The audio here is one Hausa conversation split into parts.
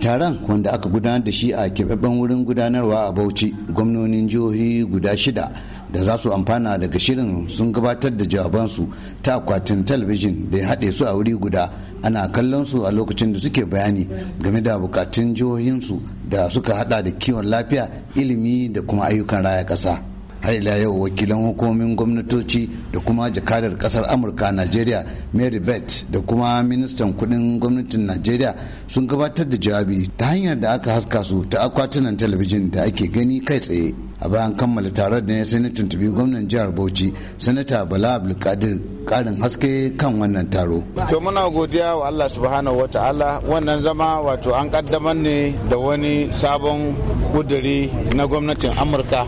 taron wanda aka gudanar da shi a keɓaɓɓen wurin gudanarwa a bauchi gwamnonin jihohi guda shida da za su amfana daga shirin sun gabatar da jawabansu ta akwatin talabijin da ya haɗe su a wuri guda ana kallon su a lokacin da suke bayani game da bukatun jihohinsu da suka hada da kiwon lafiya ilimi da kuma ayyukan raya ƙasa. har ila yau wakilan hukumomin gwamnatoci da kuma jakadar kasar amurka najeriya mary beth da kuma ministan kudin gwamnatin najeriya sun gabatar da jawabi ta hanyar da aka haska su ta akwatunan talabijin da ake gani kai tsaye a bayan kammala taron da ne sai na tuntubi gwamnan jihar bauchi sanata bala abdulkadir karin haske kan wannan taro to muna godiya wa allah subhanahu wataala wannan zama wato an kaddamar ne da wani sabon kuduri na gwamnatin amurka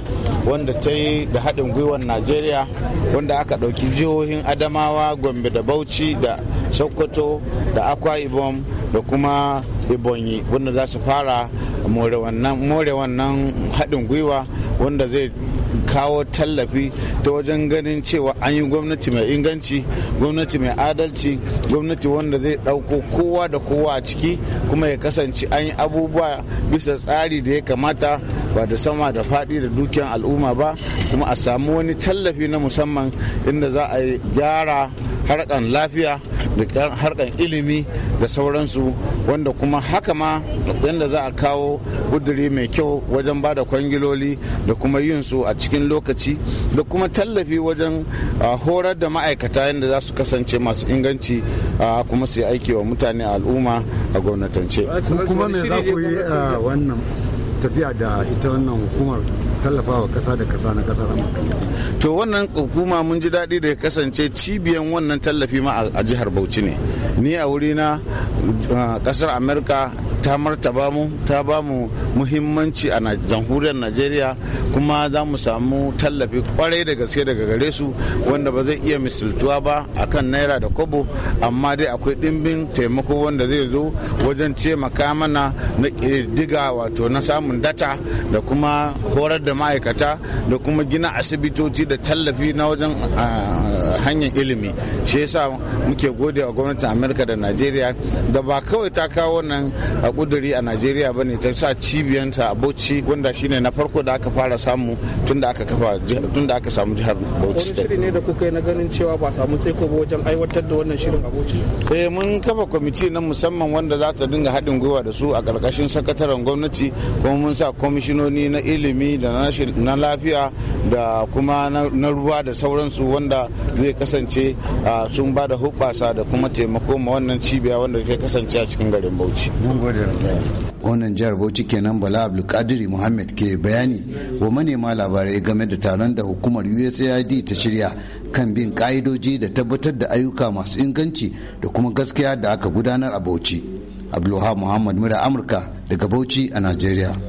wanda ta yi da haɗin gwiwar najeriya wanda aka ɗauki jihohin adamawa gombe da bauchi da sokoto da akwa ibom da kuma ibonyi wanda za su fara more wannan haɗin gwiwa wanda zai kawo tallafi ta wajen ganin cewa an yi gwamnati mai inganci gwamnati mai adalci gwamnati wanda zai ɗauko kowa da kowa a ciki kuma ya kasance an yi abubuwa bisa tsari da ya kamata ba da sama da faɗi da dukiyan al'umma ba kuma a samu wani tallafi na musamman inda za a gyara harkan lafiya da harkan ilimi da sauransu wanda kuma haka ma yadda za a kawo kuduri mai kyau wajen ba da kwangiloli da kuma yin su a cikin cikin lokaci da kuma tallafi wajen horar da ma'aikata yadda za su kasance masu inganci kuma su yi aiki wa mutane al'umma a gwamnatance kuma me za ku yi wannan tafiya da ita wannan hukumar tallafawa kasa da kasa na kasar to wannan hukuma mun ji daɗi da ya kasance cibiyan wannan tallafi ma a jihar bauchi ne ni a wurina kasar amurka ta martaba mu ta ba mu muhimmanci a jamhuriyar najeriya kuma za mu samu tallafi kwarai da gaske daga gare su wanda ba zai iya misaltuwa ba a kan naira da kobo amma dai akwai ɗimbin taimako wanda zai zo wajen taimaka mana na diga wato na samun data da kuma horar da ma'aikata da kuma gina asibitoci da tallafi na wajen hanyar ilimi shi yasa muke gode wa gwamnatin amurka da najeriya da ba kawai ta kawo nan kuduri a najeriya ba ne ta sa cibiyanta a bauchi wanda shine na farko da aka fara samu tun da aka kafa tun da aka samu jihar bauchi wani shiri ne da kuka yi na ganin cewa ba samu tseko ba wajen aiwatar da wannan shirin a bauchi eh mun kafa kwamiti na musamman wanda za ta dinga haɗin gwiwa da su a ƙarƙashin sakataren gwamnati kuma mun sa kwamishinoni na ilimi da na lafiya da kuma na ruwa da sauransu wanda zai kasance ah, sun ba da hubbasa da kuma taimako ma wannan cibiya wanda zai kasance a cikin garin bauchi mun gode Gwamnan jihar Bauchi kenan Bala Abdulkadiri Muhammad ke bayani wa manema labarai game da taron da hukumar USAID ta shirya kan bin ka'idoji da tabbatar da ayyuka masu inganci da kuma gaskiya da aka gudanar a Bauchi. Abdulwahab Muhammad Mura Amurka daga Bauchi a Najeriya.